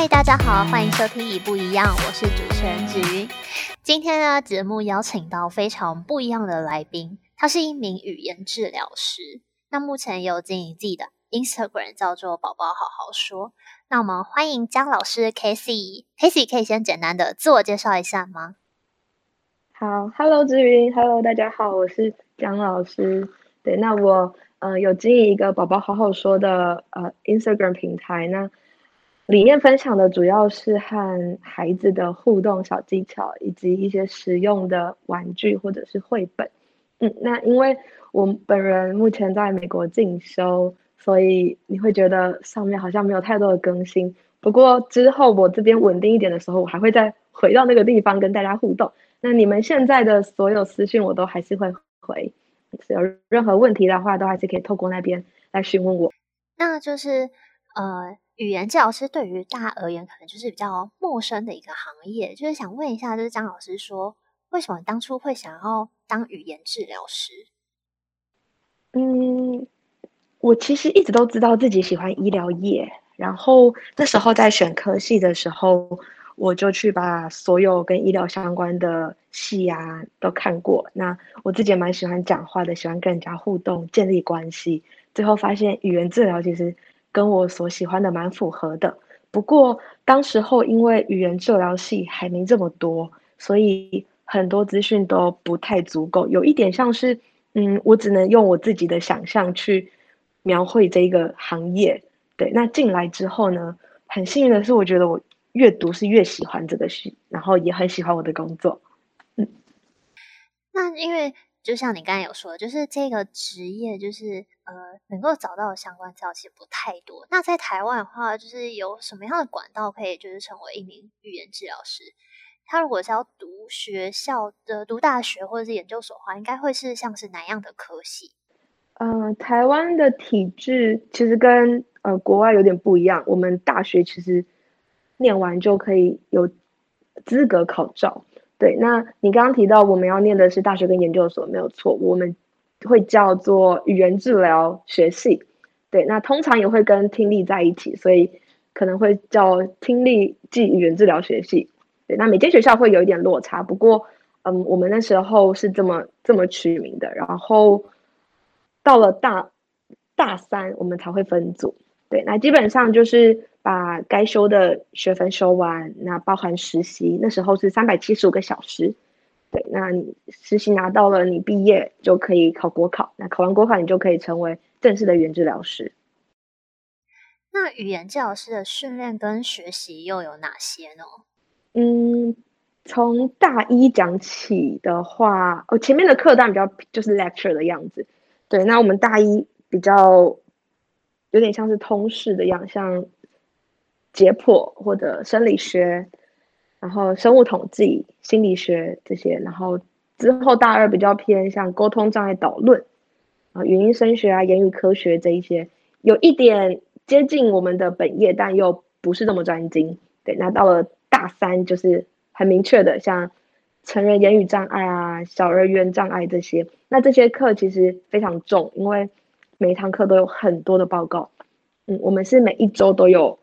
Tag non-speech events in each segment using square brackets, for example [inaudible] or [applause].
嗨，Hi, 大家好，歡迎收聽《醫不一樣》，我是主持人子云。今天呢，節目邀請到非常不一樣的來賓，他是一名語言治療師。那目前有經營自己的 Instagram，叫做“寶寶好好說”。那我們歡迎姜老師 Casey，Casey 可以先簡單的自我介紹一下嗎？好，Hello 子云，Hello 大家好，我是姜老師。對，那我呃有經營一個“寶寶好好說”的呃 Instagram 平台呢。裡面分享的主要是和孩子的互動小技巧，以及一些實用的玩具或者是繪本。嗯，那因為我本人目前在美國進修，所以你會覺得上面好像沒有太多的更新。不過之後我這邊穩定一點的時候，我還會再回到那個地方跟大家互動。那你們現在的所有私訊，我都還是會回，有任何問題的話都還是可以透過那邊來詢問我。那就是呃。語言治療師對於大家而言，可能就是比較陌生的一個行業。就是想問一下，就是姜老師說，為什麼當初會想要當語言治療師？嗯，我其實一直都知道自己喜歡醫療業，然後那時候在選科系的時候，我就去把所有跟醫療相關的系啊都看過。那我自己蠻喜歡講話的，喜歡跟人家互動、建立關係。最後發現，語言治療其實。跟我所喜歡的蠻符合的，不過當時候因為語言治療系還沒這麼多，所以很多資訊都不太足夠，有一點像是，嗯，我只能用我自己的想象去描繪這個行業。對，那進來之後呢，很幸運的是，我覺得我越讀是越喜歡這個系，然後也很喜歡我的工作。嗯，那因為。就像你剛才有說，就是這個職業，就是呃，能夠找到的相關資料其實不太多。那在台灣的話，就是有什麼樣的管道可以，就是成為一名語言治療師？他如果是要讀學校，的，讀大學或者是研究所的話，應該會是像是哪樣的科系？嗯、呃，台灣的體制其實跟呃國外有點不一樣。我們大學其實念完就可以有資格考照。對，那你剛剛提到我們要念的是大學跟研究所，沒有錯。我們會叫做語言治療學系。對，那通常也會跟聽力在一起，所以可能會叫聽力暨語言治療學系。對，那每間學校會有一點落差，不過，嗯，我們那時候是這麼這麼取名的。然後到了大，大三我們才會分組。對，那基本上就是。把、啊、該修的學分修完，那包含實習，那時候是三百七十五個小時。對，那你實習拿到了，你畢業就可以考國考。那考完國考，你就可以成為正式的語言治療師。那語言治療師的訓練跟學習又有哪些呢？嗯，從大一講起的話，哦，前面的課單比較就是 lecture 的樣子。對，那我們大一比較有點像是通識的樣，像。解剖或者生理學，然後生物統計、心理學這些，然後之後大二比較偏向溝通障礙導論啊，然後語音聲學啊，言語科學這一些，有一點接近我們的本業，但又不是這麼專精。對，那到了大三就是很明確的，像成人言語障礙啊、小兒語言障礙這些。那這些課其實非常重，因為每一堂課都有很多的報告。嗯，我們是每一周都有。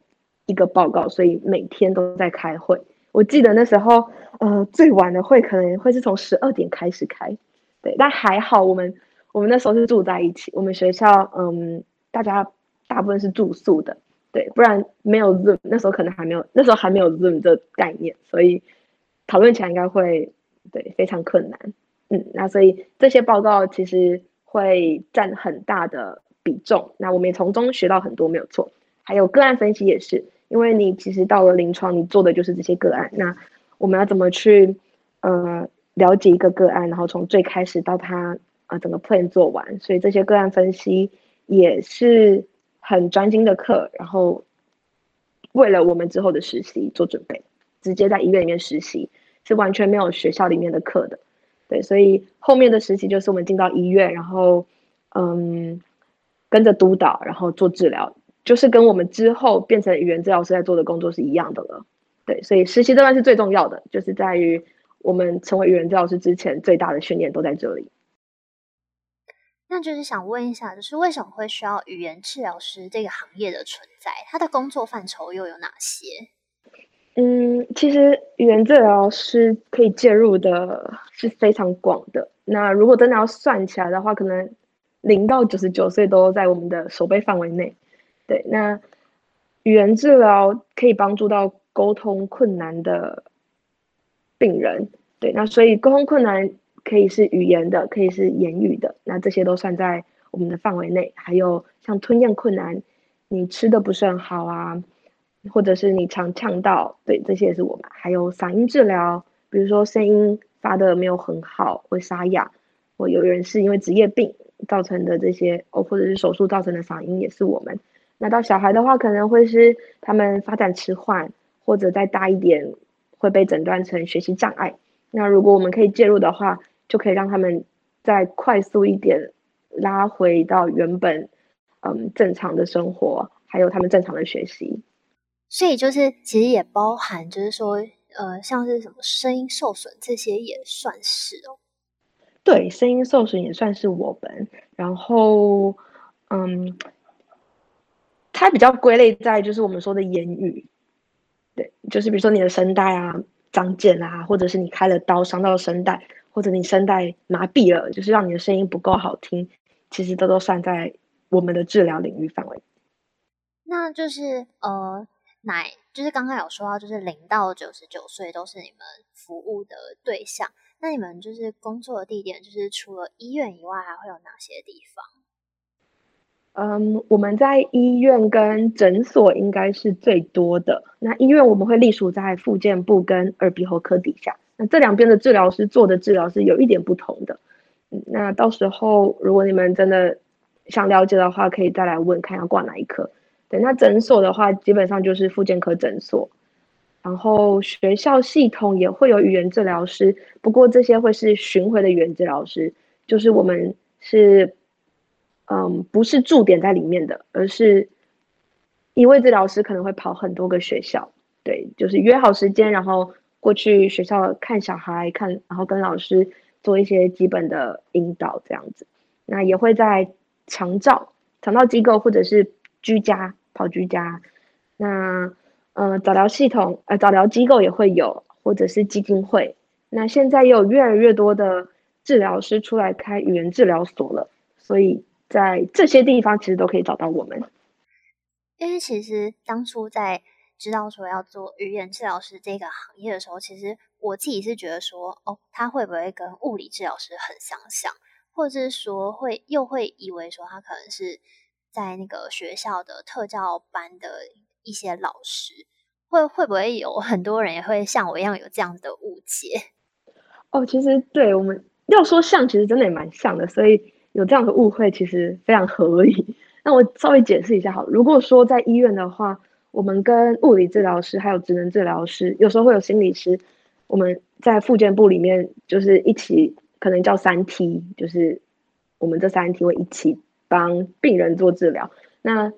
一個報告，所以每天都在開會。我記得那時候，呃，最晚的會可能會是從十二點開始開，對。但還好，我們我們那時候是住在一起，我們學校，嗯，大家大部分是住宿的，對，不然沒有 Zoom，那時候可能還沒有，那時候還沒有 Zoom 的概念，所以討論起來應該會，對，非常困難，嗯。那所以這些報告其實會占很大的比重，那我們也從中學到很多，沒有錯。還有個案分析也是。因為你其實到了臨床，你做的就是這些個案。那我們要怎麼去呃了解一個個案，然後從最開始到他啊整個 plan 做完，所以這些個案分析也是很專精的課。然後為了我們之後的實習做準備，直接在醫院裡面實習是完全沒有學校裡面的課的。對，所以後面的實習就是我們進到醫院，然後嗯跟着督導，然後做治療。就是跟我們之後變成語言治療師在做的工作是一樣的了，對，所以實習這段是最重要的，就是在於我們成為語言治療師之前最大的訓練都在這裡。那就是想問一下，就是為什麼會需要語言治療師這個行業的存在？它的工作範疇又有哪些？嗯，其實語言治療師可以介入的是非常廣的。那如果真的要算起來的話，可能零到九十九歲都在我們的守備範圍內。對，那語言治療可以幫助到溝通困難的病人。對，那所以溝通困難可以是語言的，可以是言語的，那這些都算在我們的範圍內。還有像吞咽困難，你吃的不是很好啊，或者是你常嗆到，對，這些也是我們。還有嗓音治療，比如說聲音發的沒有很好，會沙啞，或有人是因為職業病造成的這些，哦，或者是手術造成的嗓音，也是我們。那到小孩的話，可能會是他們發展遲緩，或者再大一點會被診斷成學習障礙。那如果我們可以介入的話，就可以讓他們再快速一點拉回到原本嗯正常的生活，還有他們正常的學習。所以就是其實也包含，就是說呃像是什麼聲音受損這些也算是哦。對，聲音受損也算是我們。然後嗯。它比較歸類在就是我們說的言語，對，就是比如說你的聲帶啊長繭啊，或者是你開了刀傷到了聲帶，或者你聲帶麻痹了，就是讓你的聲音不夠好聽，其實這都算在我們的治療領域範圍。那就是呃，奶就是剛剛有說到，就是零到九十九歲都是你們服務的對象。那你們就是工作的地點，就是除了醫院以外，還會有哪些地方？嗯，um, 我們在醫院跟診所應該是最多的。那醫院我們會隸屬在復健部跟耳鼻喉科底下。那這兩邊的治療師做的治療是有一點不同的。那到時候如果你們真的想了解的話，可以再來問看要掛哪一科。對，那診所的話基本上就是復健科診所。然後學校系統也會有語言治療師，不過這些會是巡回的語言治療師，就是我們是。嗯，不是駐點在裡面的，而是一位治療師可能會跑很多個學校，對，就是約好時間，然後過去學校看小孩看，然後跟老師做一些基本的引導這樣子。那也會在長照、長照機構或者是居家跑居家。那、嗯、呃，早療系統呃，早療機構也會有，或者是基金會。那現在也有越來越多的治療師出來開語言治療所了，所以。在這些地方其實都可以找到我們，因為其實當初在知道說要做語言治療師這個行業的時候，其實我自己是覺得說，哦，他會不會跟物理治療師很相像，或者是說會又會以為說他可能是在那個學校的特教班的一些老師。會會不會有很多人也會像我一樣有這樣的誤解？哦，其實對我們要說像，其實真的也蠻像的，所以。有這樣的誤會，其實非常合理。那我稍微解釋一下，好了，如果說在醫院的話，我們跟物理治療師還有職能治療師，有時候會有心理師，我們在復健部裡面就是一起，可能叫三 T，就是我們這三 T 會一起幫病人做治療。那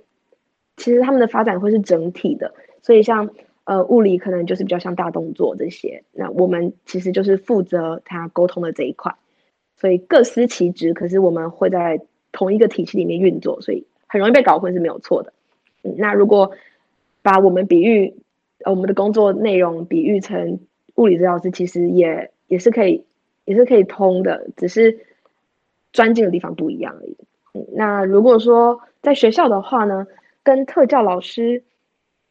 其實他們的發展會是整體的，所以像呃物理可能就是比較像大動作這些，那我們其實就是負責他溝通的這一塊。所以各司其職，可是我們會在同一個體系裡面運作，所以很容易被搞混是沒有錯的。嗯，那如果把我們比喻，呃，我們的工作內容比喻成物理治療師，其實也也是可以，也是可以通的，只是專精的地方不一樣而已。嗯，那如果說在學校的話呢，跟特教老師，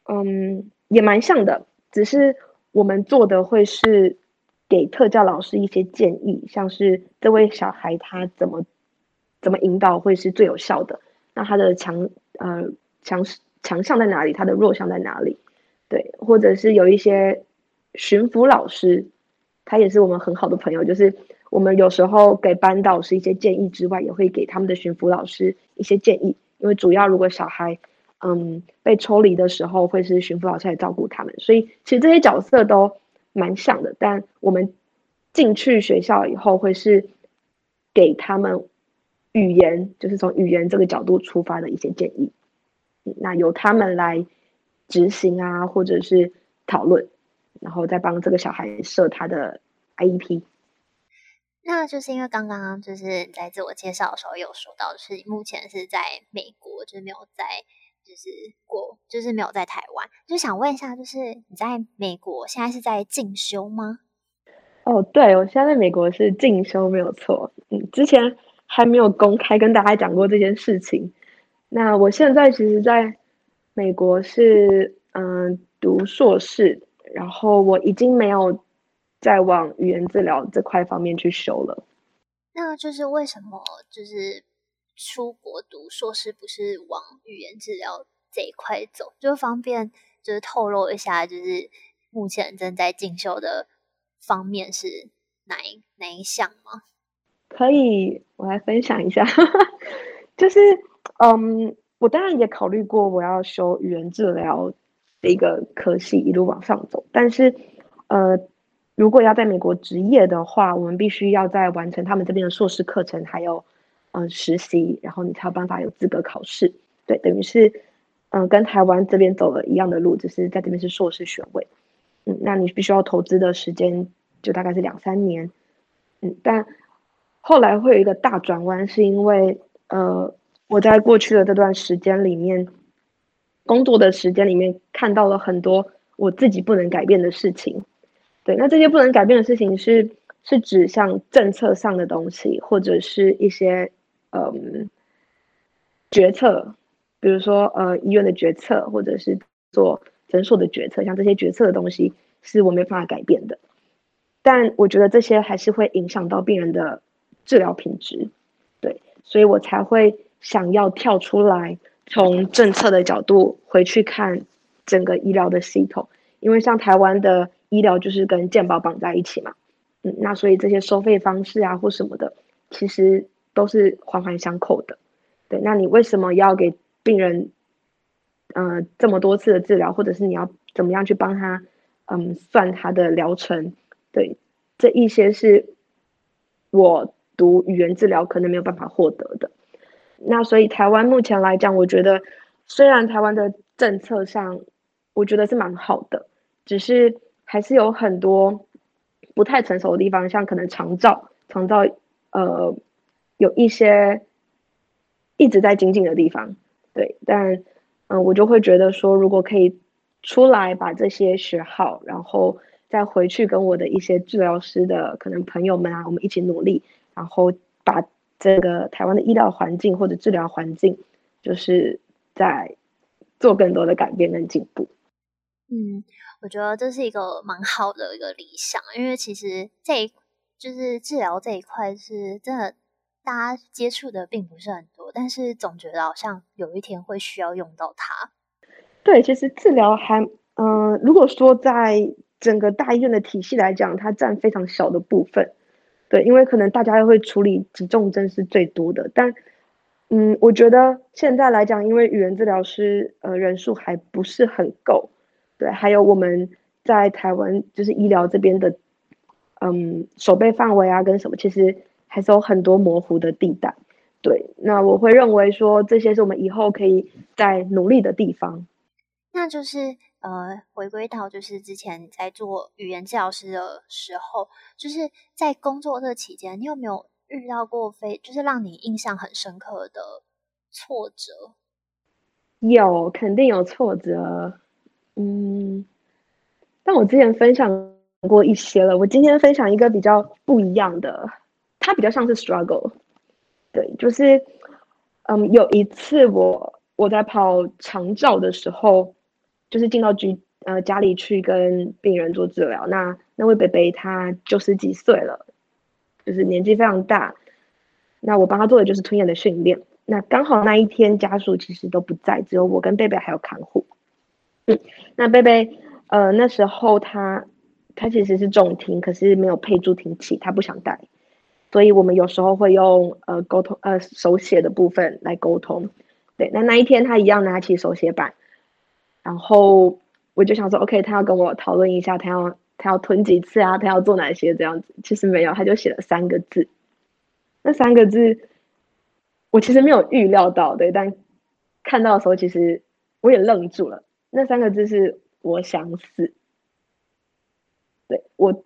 嗯，也蠻像的，只是我們做的會是。給特教老師一些建議，像是這位小孩他怎麼怎麼引導會是最有效的？那他的強呃強勢強項在哪裡？他的弱項在哪裡？對，或者是有一些巡輔老師，他也是我們很好的朋友。就是我們有時候給班導師一些建議之外，也會給他們的巡輔老師一些建議。因為主要如果小孩嗯被抽離的時候，會是巡輔老師來照顧他們。所以其實這些角色都蠻像的，但我們進去學校以後，會是給他們語言，就是從語言這個角度出發的一些建議，那由他們來執行啊，或者是討論，然後再幫這個小孩設他的 IEP。那就是因為剛剛就是在自我介紹的時候有說到，是目前是在美國，就是沒有在。就是過，就是沒有在台灣，就想問一下，就是你在美國現在是在進修嗎？哦，對，我現在，在美國是進修，沒有錯。嗯，之前還沒有公開跟大家講過這件事情。那我現在其實，在美國是嗯、呃、讀碩士，然後我已經沒有再往語言治療這塊方面去修了。那就是為什麼？就是。出國讀碩士不是往語言治療這一塊走，就方便就是透露一下，就是目前正在進修的方面是哪哪一項嗎？可以，我來分享一下， [laughs] 就是嗯，我當然也考慮過我要修語言治療的一個科系，一路往上走，但是呃，如果要在美國執業的話，我們必須要在完成他們這邊的碩士課程，還有。嗯，實習，然後你才有辦法有資格考試。對，等於是，嗯、呃，跟台灣這邊走了一樣的路，就是在這邊是碩士學位。嗯，那你必須要投資的時間就大概是兩三年。嗯，但後來會有一個大轉彎，是因為呃，我在過去的這段時間裡面，工作的時間裡面看到了很多我自己不能改變的事情。對，那這些不能改變的事情是是指向政策上的東西，或者是一些。嗯，決策，比如說呃，醫院的決策，或者是做診所的決策，像這些決策的東西，是我沒辦法改變的。但我覺得這些還是會影響到病人的治療品質，對，所以我才會想要跳出來，從政策的角度回去看整個醫療的系統，因為像台灣的醫療就是跟健保綁在一起嘛，嗯，那所以這些收費方式啊或什麼的，其實。都是環環相扣的，對。那你為什麼要給病人，呃，這麼多次的治療，或者是你要怎麼樣去幫他，嗯，算他的療程？對，這一些是我讀語言治療可能沒有辦法獲得的。那所以台灣目前來講，我覺得雖然台灣的政策上，我覺得是蠻好的，只是還是有很多不太成熟的地方，像可能長照、長照，呃。有一些一直在精進的地方，對，但嗯，我就會覺得說，如果可以出來把這些學好，然後再回去跟我的一些治療師的可能朋友們啊，我們一起努力，然後把這個台灣的醫療環境或者治療環境，就是在做更多的改變跟進步。嗯，我覺得這是一個蠻好的一個理想，因為其實這就是治療這一塊是真的。大家接觸的並不是很多，但是總覺得好像有一天會需要用到它。對，其實治療還，嗯、呃，如果說在整個大醫院的體系來講，它占非常小的部分。對，因為可能大家又會處理急重症是最多的，但嗯，我覺得現在來講，因為語言治療師呃人數還不是很夠。對，還有我們在台灣就是醫療這邊的，嗯，守備範圍啊跟什麼其實。還是有很多模糊的地帶，對，那我會認為說，這些是我們以後可以再努力的地方。那就是呃，回歸到就是之前在做語言教師的時候，就是在工作這期間，你有沒有遇到過非就是讓你印象很深刻的挫折？有，肯定有挫折。嗯，但我之前分享過一些了，我今天分享一個比較不一樣的。他比較像是 struggle，對，就是，嗯，有一次我我在跑長照的時候，就是進到居呃家裡去跟病人做治療，那那位伯伯他九十幾歲了，就是年紀非常大，那我幫他做的就是吞咽的訓練，那剛好那一天家屬其實都不在，只有我跟伯伯還有看護，嗯，那伯伯呃那時候他他其實是重聽，可是沒有配助聽器，他不想戴。所以我們有時候會用呃溝通呃手寫的部分來溝通，對，那那一天他一樣拿起手寫板，然後我就想說 OK，他要跟我討論一下，他要他要吞幾次啊，他要做哪些這樣子，其實沒有，他就寫了三個字，那三個字我其實沒有預料到，對，但看到的時候其實我也愣住了，那三個字是我想死，對，我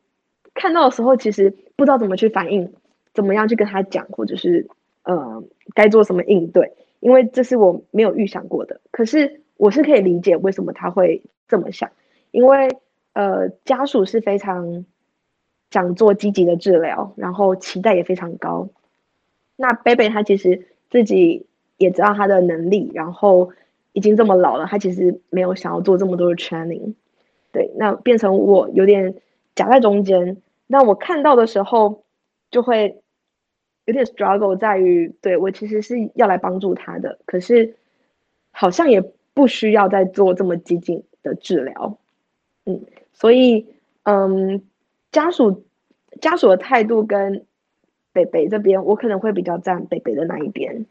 看到的時候其實不知道怎麼去反應。怎麼樣去跟他講，或者是呃該做什麼應對？因為這是我沒有預想過的。可是我是可以理解為什麼他會這麼想，因為呃家屬是非常想做積極的治療，然後期待也非常高。那貝貝他其實自己也知道他的能力，然後已經這麼老了，他其實沒有想要做這麼多的 training。對，那變成我有點夾在中間。那我看到的時候就會。有點 struggle 在於，對，我其實是要來幫助他的，可是好像也不需要再做這麼激進的治療，嗯，所以，嗯，家屬家屬的態度跟北北這邊，我可能會比較站北北的那一邊，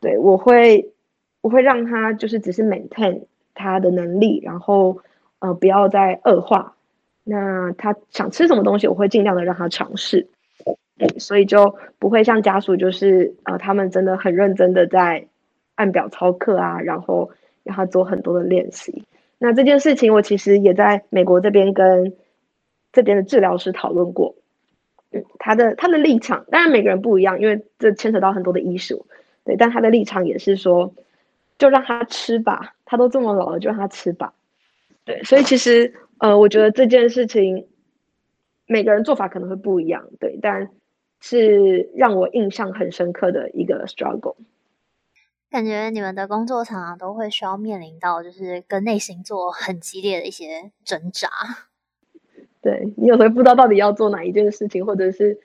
對，我會我會讓他就是只是 maintain 他的能力，然後呃不要再惡化，那他想吃什麼東西，我會盡量的讓他嘗試。所以就不會像家屬，就是呃，他們真的很認真的在按表操課啊，然後讓他做很多的練習。那這件事情，我其實也在美國這邊跟這邊的治療師討論過，嗯，他的他的立場，當然每個人不一樣，因為這牽扯到很多的醫術，對，但他的立場也是說，就讓他吃吧，他都這麼老了，就讓他吃吧，對，所以其實呃，我覺得這件事情每個人做法可能會不一樣，對，但。是讓我印象很深刻的一個 struggle。感覺你們的工作常常都會需要面臨到，就是跟內心做很激烈的一些掙扎。對你有時候不知道到底要做哪一件事情，或者是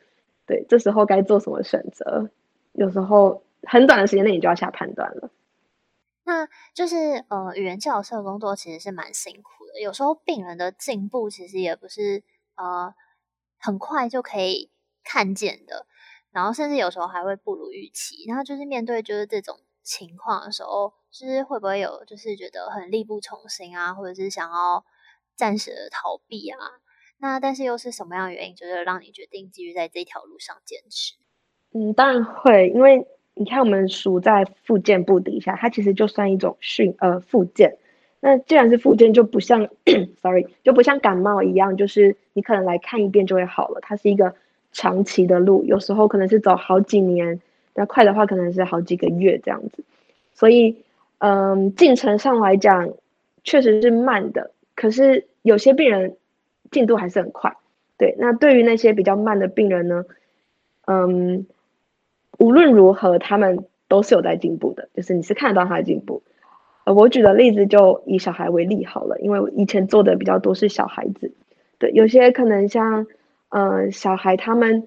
對這時候該做什麼選擇。有時候很短的時間內，你就要下判斷了。那就是呃，語言教授的工作其實是蠻辛苦的。有時候病人的進步其實也不是呃很快就可以。看見的，然後甚至有時候還會不如預期。然後就是面對就是這種情況的時候，就是會不會有就是覺得很力不從心啊，或者是想要暫時的逃避啊？那但是又是什麼樣的原因，就是讓你決定繼續在這條路上堅持？嗯，當然會，因為你看我們屬在復健部底下，它其實就算一種訓呃復健。那既然是復健，就不像 [coughs] ，sorry，就不像感冒一樣，就是你可能來看一遍就會好了。它是一個。長期的路，有時候可能是走好幾年，那快的話可能是好幾個月這樣子。所以，嗯，進程上來講，確實是慢的。可是有些病人進度還是很快。對，那對於那些比較慢的病人呢，嗯，無論如何他們都是有在進步的，就是你是看得到他的進步。呃，我舉的例子就以小孩為例好了，因為我以前做的比較多是小孩子。對，有些可能像。嗯，小孩他們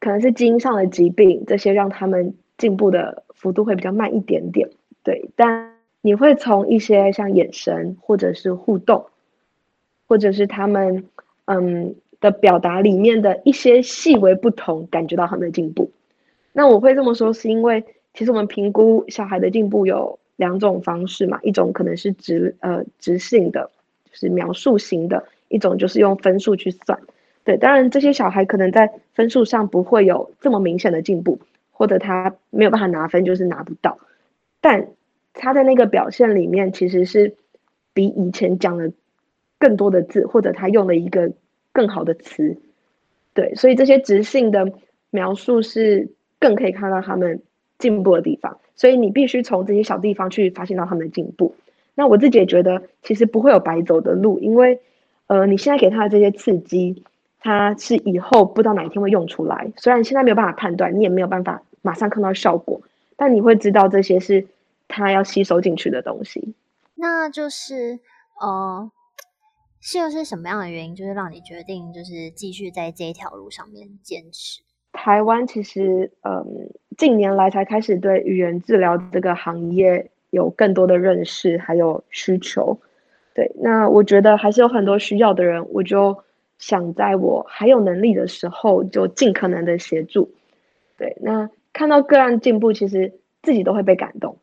可能是基因上的疾病，這些讓他們進步的幅度會比較慢一點點。對，但你會從一些像眼神或者是互動，或者是他們嗯的表達裡面的一些細微不同，感覺到他們的進步。那我會這麼說，是因為其實我們評估小孩的進步有兩種方式嘛，一種可能是直呃直性的，就是描述型的；一種就是用分數去算。對，當然這些小孩可能在分數上不會有這麼明顯的進步，或者他沒有辦法拿分，就是拿不到。但他在那個表現裡面，其實是比以前講了更多的字，或者他用了一個更好的詞。對，所以這些質性的描述是更可以看到他們進步的地方。所以你必須從這些小地方去發現到他們的進步。那我自己也覺得，其實不會有白走的路，因為呃，你現在給他的這些刺激，它是以後不知道哪一天會用出來，雖然現在沒有辦法判斷，你也沒有辦法馬上看到效果，但你會知道這些是他要吸收進去的東西。那就是呃，是又是什麼樣的原因，就是讓你決定就是繼續在這一條路上面堅持？台灣其實，嗯，近年來才開始對語言治療這個行業有更多的認識還有需求。對，那我覺得還是有很多需要的人，我就。想在我還有能力的時候，就盡可能的協助。對，那看到個案進步，其實自己都會被感動。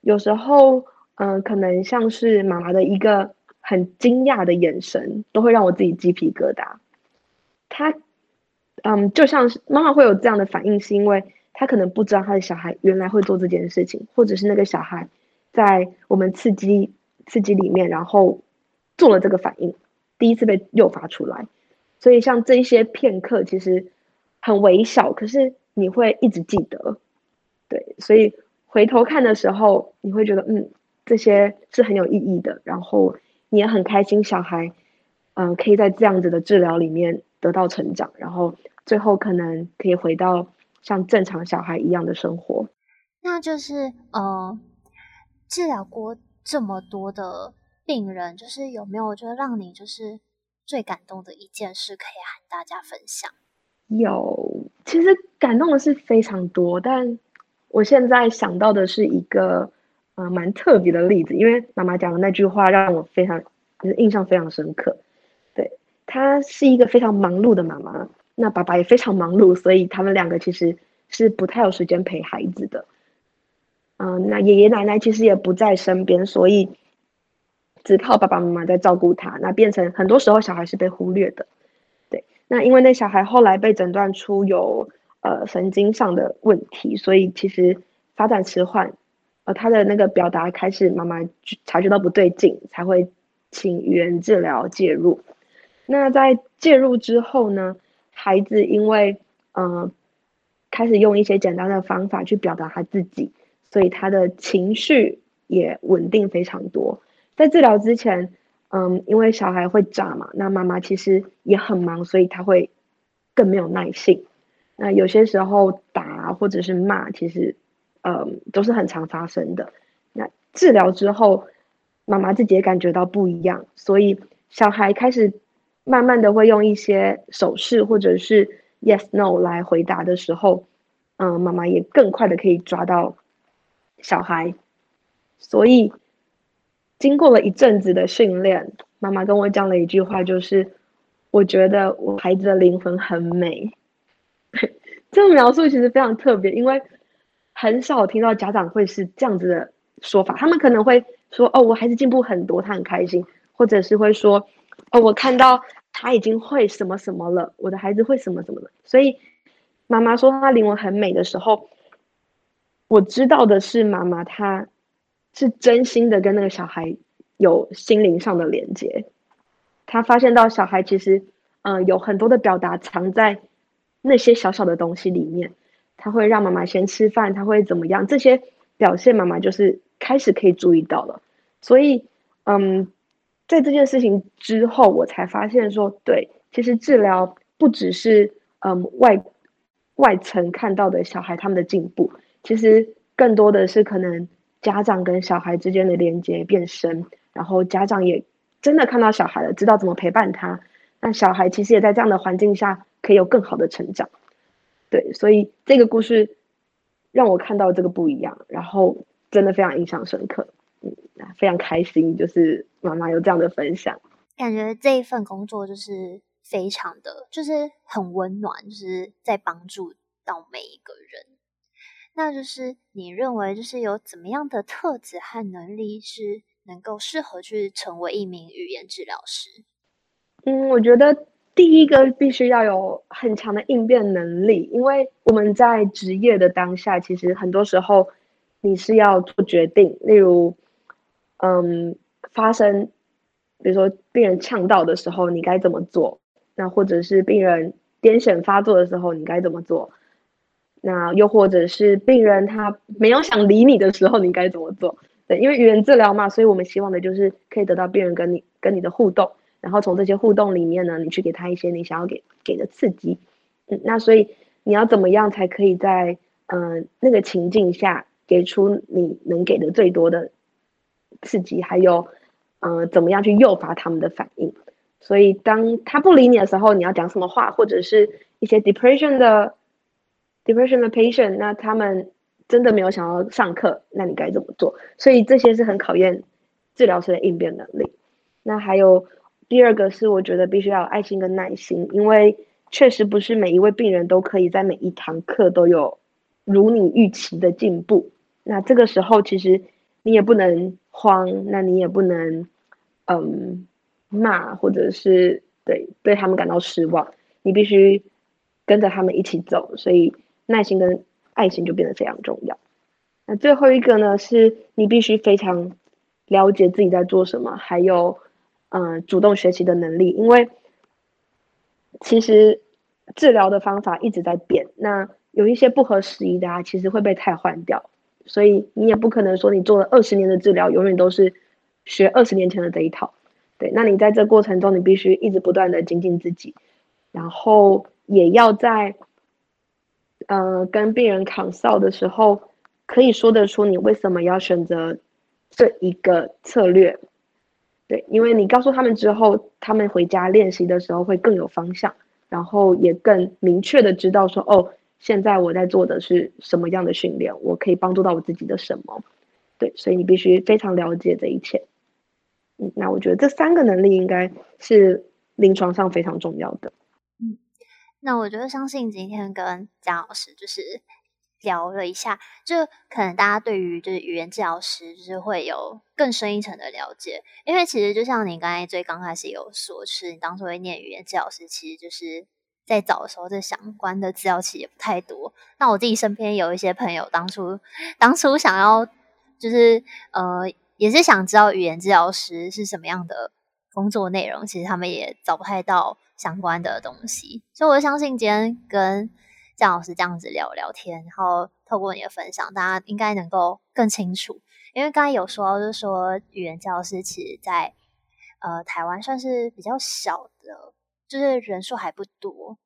有時候，嗯、呃，可能像是媽媽的一個很驚訝的眼神，都會讓我自己雞皮疙瘩。他，嗯，就像是媽媽會有這樣的反應，是因為他可能不知道他的小孩原來會做這件事情，或者是那個小孩在我們刺激刺激裡面，然後做了這個反應，第一次被誘發出來。所以，像這些片刻其實很微小，可是你會一直記得，對。所以回頭看的時候，你會覺得，嗯，這些是很有意義的。然後你也很開心，小孩，嗯、呃，可以在這樣子的治療裡面得到成長，然後最後可能可以回到像正常小孩一樣的生活。那就是，嗯、呃，治療過這麼多的病人，就是有沒有，就是讓你就是。最感動的一件事可以和大家分享。有，其實感動的事非常多，但我現在想到的是一個，嗯、呃，蠻特別的例子。因為媽媽講的那句話讓我非常，就是印象非常深刻。對，她是一個非常忙碌的媽媽，那爸爸也非常忙碌，所以他們兩個其實是不太有時間陪孩子的。嗯、呃，那爺爺奶奶其實也不在身邊，所以。只靠爸爸媽媽在照顧他，那變成很多時候小孩是被忽略的。對，那因為那小孩後來被診斷出有呃神經上的問題，所以其實發展遲緩，呃，他的那個表達開始慢慢察覺到不對勁，才會請語言治療介入。那在介入之後呢，孩子因為嗯、呃、開始用一些簡單的方法去表達他自己，所以他的情緒也穩定非常多。在治療之前，嗯，因為小孩會炸嘛，那媽媽其實也很忙，所以她會更沒有耐性。那有些時候打或者是罵，其實，嗯，都是很常發生的。那治療之後，媽媽自己也感覺到不一樣，所以小孩開始慢慢的會用一些手勢或者是 yes no 來回答的時候，嗯，媽媽也更快的可以抓到小孩，所以。經過了一陣子的訓練，媽媽跟我講了一句話，就是我覺得我孩子的靈魂很美。 [laughs] 這個描述其實非常特別，因為很少聽到家長會是這樣子的說法。他們可能會說：“哦，我孩子進步很多，他很開心。”或者是會說：“哦，我看到他已經會什麼什麼了，我的孩子會什麼什麼了。”所以媽媽說他靈魂很美的時候，我知道的是媽媽她。是真心的跟那個小孩有心靈上的連接，他發現到小孩其實，嗯、呃，有很多的表達藏在那些小小的東西裡面，他會讓媽媽先吃飯，他會怎麼樣？這些表現媽媽就是開始可以注意到了。所以，嗯，在這件事情之後，我才發現說，對，其實治療不只是嗯外外層看到的小孩他們的進步，其實更多的是可能。家長跟小孩之間的連接變深，然後家長也真的看到小孩了，知道怎麼陪伴他。那小孩其實也在這樣的環境下可以有更好的成長。對，所以這個故事讓我看到這個不一樣，然後真的非常印象深刻，嗯，非常開心，就是媽媽有這樣的分享。感覺這一份工作就是非常的，就是很溫暖，就是在幫助到每一個人。那就是你認為，就是有怎麼樣的特質和能力是能夠適合去成為一名語言治療師？嗯，我覺得第一個必須要有很強的應變能力，因為我們在職業的當下，其實很多時候你是要做決定，例如，嗯，發生比如說病人嗆到的時候，你該怎麼做？那或者是病人癲癇發作的時候，你該怎麼做？那又或者是病人他沒有想理你的時候，你該怎麼做？對，因為語言治療嘛，所以我們希望的就是可以得到病人跟你跟你的互動，然後從這些互動裡面呢，你去給他一些你想要給給的刺激。嗯，那所以你要怎麼樣才可以在嗯、呃、那個情境下給出你能給的最多的刺激，還有嗯、呃、怎麼樣去誘發他們的反應？所以當他不理你的時候，你要講什麼話，或者是一些 depression 的。depression 的 patient，那他們真的沒有想要上課，那你該怎麼做？所以這些是很考驗治療師的應變能力。那還有第二個是，我覺得必須要有愛心跟耐心，因為確實不是每一位病人都可以在每一堂課都有如你預期的進步。那這個時候其實你也不能慌，那你也不能嗯罵，或者是對對他們感到失望。你必須跟着他們一起走，所以，耐心跟愛心就變得非常重要。那最後一個呢，是你必須非常了解自己在做什麼，還有嗯、呃、主動學習的能力。因為其實治療的方法一直在變，那有一些不合時宜的啊，其實會被汰換掉。所以你也不可能說你做了二十年的治療，永遠都是學二十年前的這一套。對，那你在這過程中，你必須一直不斷的精進自己，然後也要在呃，跟病人扛哨的時候，可以說得出你為什麼要選擇這一個策略，對，因為你告訴他們之後，他們回家練習的時候會更有方向，然後也更明確的知道說，哦，現在我在做的是什麼樣的訓練，我可以幫助到我自己的什麼，對，所以你必須非常了解這一切。嗯，那我覺得這三個能力應該是臨床上非常重要的。那我覺得，相信今天跟姜老師就是聊了一下，就可能大家對於就是語言治療師就是會有更深一層的了解。因為其實就像你剛才最剛開始有說，就是你當初會念語言治療師，其實就是在早的時候，這相關的資料其實也不太多。那我自己身邊有一些朋友，當初當初想要就是呃，也是想知道語言治療師是什麼樣的。工作內容，其實他們也找不太到相關的東西，所以我相信今天跟姜老師這樣子聊聊天，然後透過你的分享，大家應該能夠更清楚。因為剛才有說，就是說語言教師其實在呃台灣算是比較小的，就是人數還不多，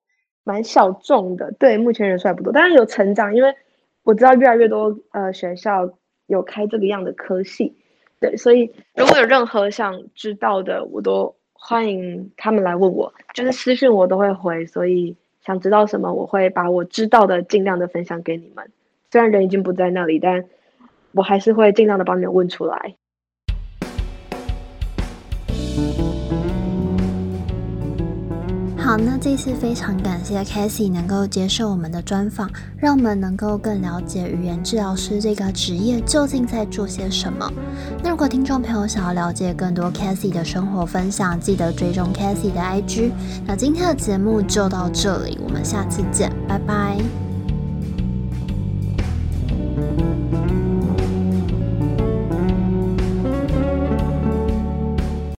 蠻小眾的。對，目前人數還不多，但是有成長，因為我知道越來越多呃學校有開這個樣的科系。對，所以如果有任何想知道的，我都歡迎他們來問我，就是私信我都會回。所以想知道什麼，我會把我知道的盡量的分享給你們。雖然人已經不在那裡，但我還是會盡量的幫你們問出來。好，那這次非常感謝 Cassie 能夠接受我們的專訪，讓我們能夠更了解語言治療師這個職業究竟在做些什麼。那如果聽眾朋友想要了解更多 Cassie 的生活分享，記得追蹤 Cassie 的 IG。那今天的節目就到這裡，我們下次見，拜拜。